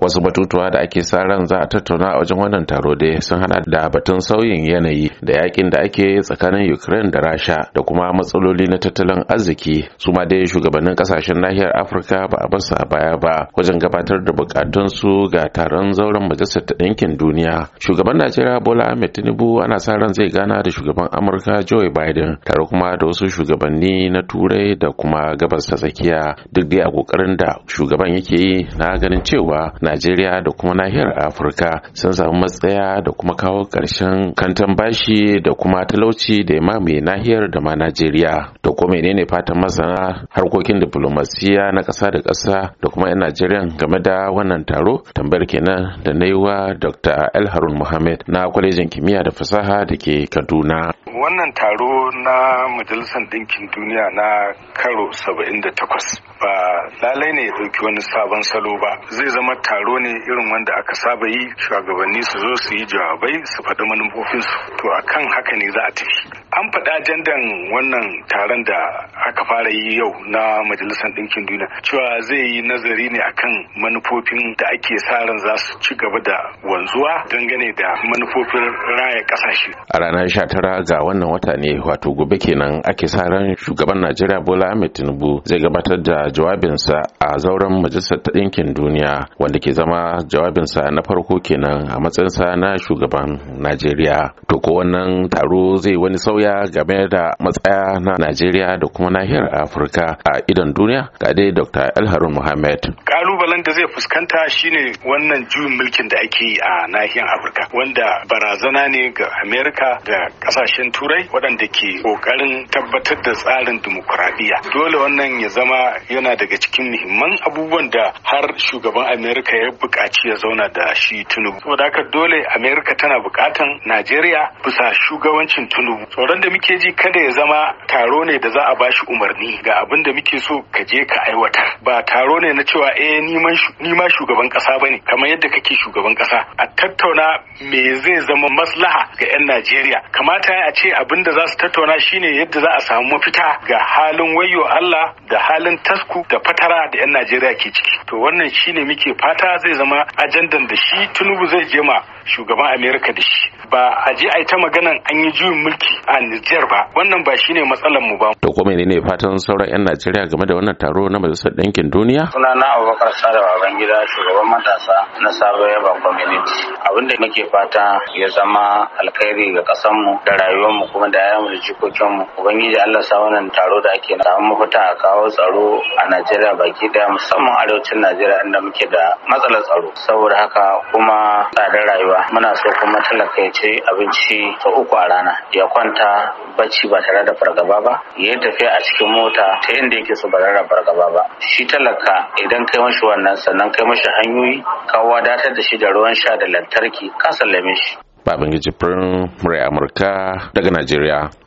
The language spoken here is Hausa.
wasu batutuwa da ake sa ran za a tattauna a wajen wannan taro dai sun hana da batun sauyin yanayi da yakin da ake tsakanin ukraine da rasha da kuma matsaloli na tattalin arziki su ma dai shugabannin kasashen nahiyar afirka ba a basu a baya ba wajen gabatar da bukatunsu ga taron zauren majalisar ta ɗinkin duniya shugaban najeriya bola ahmed tinubu ana sa ran zai gana da shugaban amurka joe biden tare kuma da wasu shugabanni na turai da kuma gabas ta tsakiya duk dai a kokarin da shugaban yake yi na ganin cewa na najeriya da kuma nahiyar afirka sun samu matsaya da kuma kawo ƙarshen kantan bashi da kuma talauci da ya mamaye nahiyar da ma najeriya to ko menene fatan masana harkokin diplomasiya na ƙasa da ƙasa da kuma 'yan najeriya game da wannan taro tambayar kenan da na wa dr el harun muhammad na kwalejin kimiyya da fasaha da ke kaduna wannan taro na majalisar Dinkin duniya na karo 78 ba lalai ne ya ɗauki wani sabon salo ba zai zama taro ne irin wanda aka saba yi shugabanni su zo su yi jawabai su faɗi manufofinsu to akan haka ne za a tafi an faɗa jandan wannan taron da aka fara yi yau na majalisar ɗinkin duniya cewa zai yi nazari ne akan manufofin da ake sa ran za su ci gaba da wanzuwa dangane da manufofin raya kasashe. A ranar 19 ga wannan wata ne wato gobe kenan ake sa ran shugaban Najeriya Bola Ahmed Tinubu zai gabatar da jawabinsa a zauren majalisar ta ɗinkin duniya wanda ke zama jawabinsa na farko kenan a matsayin sa na shugaban Najeriya. To ko wannan taro zai wani sauya game da matsaya na Najeriya da kuma nahiyar nahiyar afirka a idon duniya ga dai dr alharun muhammad kalubalen da zai fuskanta shine wannan juyin mulkin da ake yi a nahiyar afirka wanda barazana ne ga amerika da kasashen turai waɗanda ke kokarin tabbatar da tsarin dimokuraɗiyya dole wannan ya zama yana daga cikin muhimman abubuwan da har shugaban amerika ya buƙaci ya zauna da shi tunubu saboda haka dole amerika tana buƙatan najeriya bisa shugabancin tunubu tsoron da muke ji kada ya zama taro ne da za a bashi umarni umarni ga abin da muke so ka je ka aiwatar ba taro ne na cewa eh ni ma shugaban kasa bane kamar yadda kake shugaban kasa a tattauna me zai zama maslaha ga 'yan Najeriya kamata a ce abin da za su tattauna shine yadda za a samu mafita ga halin wayo Allah da halin tasku da fatara da 'yan Najeriya ke ciki to wannan shine muke fata zai zama ajandan da shi tunubu zai je ma shugaban Amerika da shi ba a je a yi ta maganan an yi juyin mulki a Nijar ba wannan ba shine matsalar mu ba to ko menene fatan sauran 'yan Najeriya game da wannan taro na Majalisar Ɗinkin Duniya? Sunana Abubakar Sada Babangida shugaban matasa na Sabo Yaba Community. Abin da muke fata ya zama alkhairi ga ƙasarmu da rayuwarmu kuma da yayanmu da jikokinmu. Ubangiji Allah sa wannan taro da ake na. samu mafita a kawo tsaro a Najeriya baki daya musamman arewacin Najeriya inda muke da matsalar tsaro. Saboda haka kuma tsadar rayuwa muna so kuma talaka ya abinci sau uku a rana ya kwanta bacci ba tare da fargaba ba ya tafiya a cikin cikin mota ta yadda yake so ba za gaba ba shi talaka idan kai mashi wannan sannan kai mashi hanyoyi ka wadatar da shi da ruwan sha da lantarki ka sallame shi babangiji firin murai amurka daga najeriya